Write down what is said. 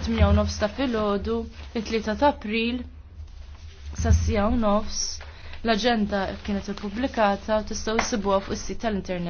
fit-8 nofs ta' filgħodu, it-3 ta' April sa' sija nofs l-aġenda kienet ippubblikata u tistgħu issibuha fuq is-sit tal-internet.